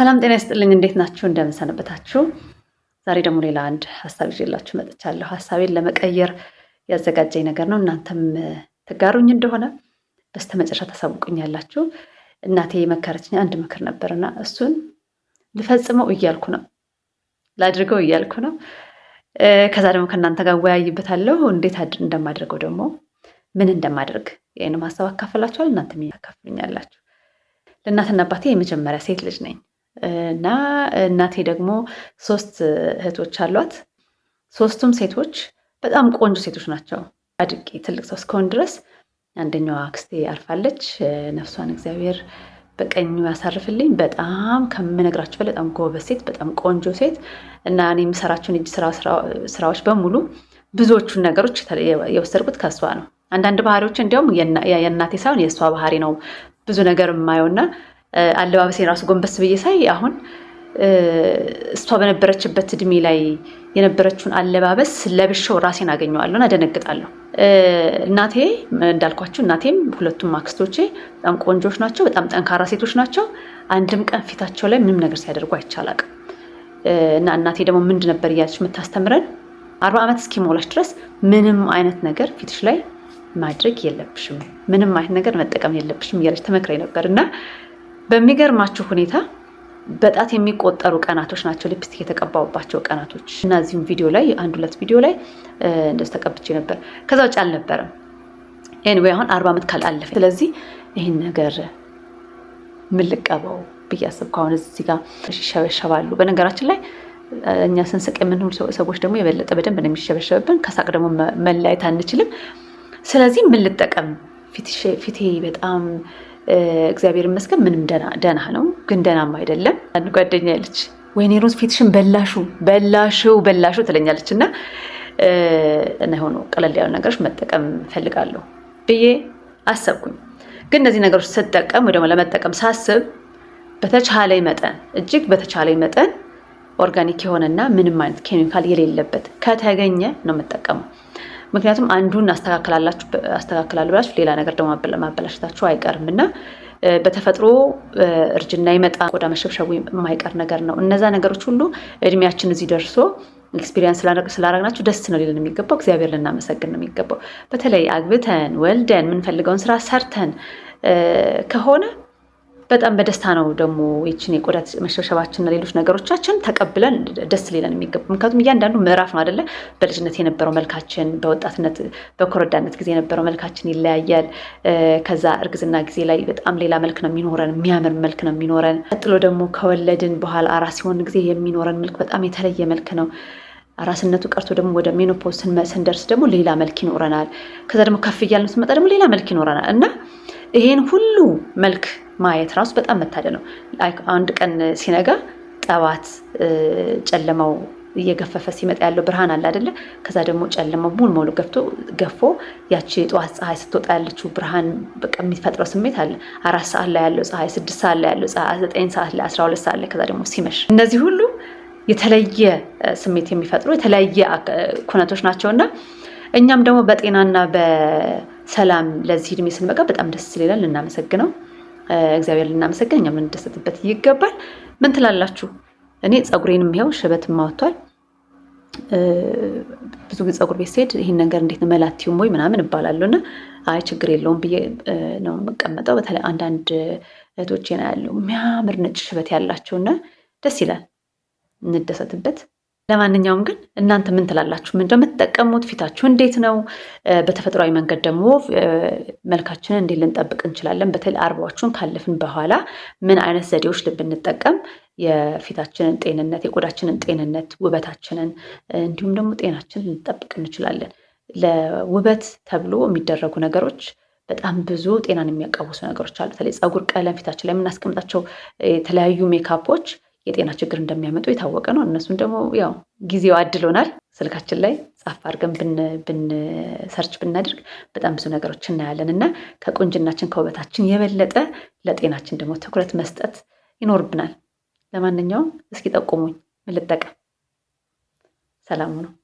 ሰላም ጤና ይስጥልኝ። እንዴት ናችሁ? እንደምንሰነበታችሁ። ዛሬ ደግሞ ሌላ አንድ ሀሳብ ይዤላችሁ መጥቻለሁ። ሀሳቤን ለመቀየር ያዘጋጀኝ ነገር ነው። እናንተም ትጋሩኝ እንደሆነ በስተመጨረሻ ታሳውቁኛላችሁ። እናቴ የመከረችኝ አንድ ምክር ነበርና እሱን ልፈጽመው እያልኩ ነው፣ ላድርገው እያልኩ ነው። ከዛ ደግሞ ከእናንተ ጋር ወያይበታለሁ። እንዴት እንደማደርገው ደግሞ ምን እንደማደርግ ይህንም ሀሳብ አካፈላችኋል። እናንተም ያካፍሉኛላችሁ። ለእናትና አባቴ የመጀመሪያ ሴት ልጅ ነኝ። እና እናቴ ደግሞ ሶስት እህቶች አሏት። ሶስቱም ሴቶች በጣም ቆንጆ ሴቶች ናቸው። አድጌ ትልቅ ሰው እስከሆን ድረስ አንደኛዋ አክስቴ አርፋለች። ነፍሷን እግዚአብሔር በቀኙ ያሳርፍልኝ። በጣም ከምነግራቸው በላይ በጣም ጎበዝ ሴት፣ በጣም ቆንጆ ሴት እና እኔ የምሰራቸውን እጅ ስራዎች በሙሉ ብዙዎቹን ነገሮች የወሰድኩት ከእሷ ነው። አንዳንድ ባህሪዎች እንዲያውም የእናቴ ሳይሆን የእሷ ባህሪ ነው ብዙ ነገር የማየውና አለባበሴ ራሱ ጎንበስ ብዬ ሳይ አሁን እሷ በነበረችበት እድሜ ላይ የነበረችውን አለባበስ ለብሼው ራሴን አገኘዋለሁና አደነግጣለሁ። እናቴ እንዳልኳቸው እናቴም ሁለቱም አክስቶቼ በጣም ቆንጆች ናቸው፣ በጣም ጠንካራ ሴቶች ናቸው። አንድም ቀን ፊታቸው ላይ ምንም ነገር ሲያደርጉ አይቻላቅ እና እናቴ ደግሞ ምንድ ነበር እያለች የምታስተምረን አርባ ዓመት እስኪሞላች ድረስ ምንም አይነት ነገር ፊትሽ ላይ ማድረግ የለብሽም፣ ምንም አይነት ነገር መጠቀም የለብሽም እያለች ተመክረኝ ነበር እና በሚገርማችሁ ሁኔታ በጣት የሚቆጠሩ ቀናቶች ናቸው ሊፕስቲክ የተቀባውባቸው ቀናቶች እና እዚህም ቪዲዮ ላይ አንድ ሁለት ቪዲዮ ላይ እንደዚህ ተቀብቼ ነበር። ከዛ ውጭ አልነበረም። ኤኒዌይ አሁን አርባ ዓመት ካልአለፈ ስለዚህ ይህን ነገር ምን ልቀበው ብዬ አሰብኩ። አሁን እዚህ ጋር ይሸበሸባሉ። በነገራችን ላይ እኛ ስንስቅ የምንውል ሰዎች ደግሞ የበለጠ በደንብ ነው የሚሸበሸብብን። ከሳቅ ደግሞ መለያየት አንችልም። ስለዚህ ምን ልጠቀም ፊቴ በጣም እግዚአብሔር ይመስገን ምንም ደና ነው፣ ግን ደናም አይደለም። አንድ ጓደኛ ያለች ወይኔ ሮዝ ፊትሽን በላሹ በላሹ በላሹ ትለኛለች እና እና የሆኑ ቀለል ያሉ ነገሮች መጠቀም ፈልጋለሁ ብዬ አሰብኩኝ። ግን እነዚህ ነገሮች ስጠቀም ወይ ደግሞ ለመጠቀም ሳስብ በተቻለ መጠን እጅግ በተቻለ መጠን ኦርጋኒክ የሆነና ምንም አይነት ኬሚካል የሌለበት ከተገኘ ነው የምጠቀመው። ምክንያቱም አንዱን አስተካክላለሁ ብላችሁ ሌላ ነገር ደግሞ ማበላሸታችሁ አይቀርም እና በተፈጥሮ እርጅና ይመጣ ቆዳ መሸብሸቡ የማይቀር ነገር ነው። እነዛ ነገሮች ሁሉ እድሜያችን እዚህ ደርሶ ኤክስፒሪንስ ስላረግናቸው ደስ ነው ሊለን የሚገባው እግዚአብሔር ልናመሰግን ነው የሚገባው። በተለይ አግብተን ወልደን የምንፈልገውን ስራ ሰርተን ከሆነ በጣም በደስታ ነው ደግሞ ይችን የቆዳ መሸብሸባችንና ሌሎች ነገሮቻችን ተቀብለን ደስ ሊለን የሚገባ ምክንያቱም እያንዳንዱ ምዕራፍ ነው አደለ። በልጅነት የነበረው መልካችን፣ በወጣትነት በኮረዳነት ጊዜ የነበረው መልካችን ይለያያል። ከዛ እርግዝና ጊዜ ላይ በጣም ሌላ መልክ ነው የሚኖረን፣ የሚያምር መልክ ነው የሚኖረን። ቀጥሎ ደግሞ ከወለድን በኋላ አራስ ሲሆን ጊዜ የሚኖረን መልክ በጣም የተለየ መልክ ነው። አራስነቱ ቀርቶ ደግሞ ወደ ሜኖፖዝ ስንደርስ ደግሞ ሌላ መልክ ይኖረናል። ከዛ ደግሞ ከፍ እያልን ስንመጣ ደግሞ ሌላ መልክ ይኖረናል እና ይሄን ሁሉ መልክ ማየት ራሱ በጣም መታደል ነው። አንድ ቀን ሲነጋ ጠዋት ጨለማው እየገፈፈ ሲመጣ ያለው ብርሃን አለ አደለ? ከዛ ደግሞ ጨለማው ሙሉ ሙሉ ገፍቶ ገፎ ያቺ የጠዋት ፀሐይ ስትወጣ ያለችው ብርሃን በቃ የሚፈጥረው ስሜት አለ። አራት ሰዓት ላይ ያለው ፀሐይ፣ ስድስት ሰዓት ላይ ያለው ፀሐይ፣ ዘጠኝ ሰዓት ላይ፣ አስራ ሁለት ሰዓት ላይ ከዛ ደግሞ ሲመሽ እነዚህ ሁሉ የተለየ ስሜት የሚፈጥሩ የተለያየ ኩነቶች ናቸው እና እኛም ደግሞ በጤናና በሰላም ለዚህ እድሜ ስንበቃ በጣም ደስ ይላል። እናመሰግነው። እግዚአብሔር ልናመሰገን የምንደሰትበት ይገባል። ምን ትላላችሁ? እኔ ፀጉሬንም ይኸው ሽበትም አወጥቷል። ብዙ ጊዜ ፀጉር ቤት ስሄድ ይህን ነገር እንዴት መላትዩም ወይ ምናምን እባላለሁ እና አይ ችግር የለውም ብዬ ነው የምቀመጠው። በተለይ አንዳንድ እህቶቼ ነው ያለው የሚያምር ነጭ ሽበት ያላቸውና ደስ ይላል። እንደሰትበት ለማንኛውም ግን እናንተ ምን ትላላችሁ? ምንድ የምትጠቀሙት? ፊታችሁ እንዴት ነው? በተፈጥሯዊ መንገድ ደግሞ መልካችንን እንዴት ልንጠብቅ እንችላለን? በተለይ አርባዎቹን ካለፍን በኋላ ምን አይነት ዘዴዎች ብንጠቀም የፊታችንን ጤንነት፣ የቆዳችንን ጤንነት፣ ውበታችንን እንዲሁም ደግሞ ጤናችንን ልንጠብቅ እንችላለን? ለውበት ተብሎ የሚደረጉ ነገሮች በጣም ብዙ ጤናን የሚያቃውሱ ነገሮች አሉ። በተለይ ፀጉር ቀለም፣ ፊታችን ላይ የምናስቀምጣቸው የተለያዩ ሜካፖች የጤና ችግር እንደሚያመጡ የታወቀ ነው። እነሱን ደግሞ ያው ጊዜው አድሎናል። ስልካችን ላይ ጻፍ አድርገን ብንሰርች ብናደርግ በጣም ብዙ ነገሮች እናያለን እና ከቁንጅናችን ከውበታችን የበለጠ ለጤናችን ደግሞ ትኩረት መስጠት ይኖርብናል። ለማንኛውም እስኪ ጠቁሙኝ፣ ምን ልጠቀም? ሰላሙ ነው።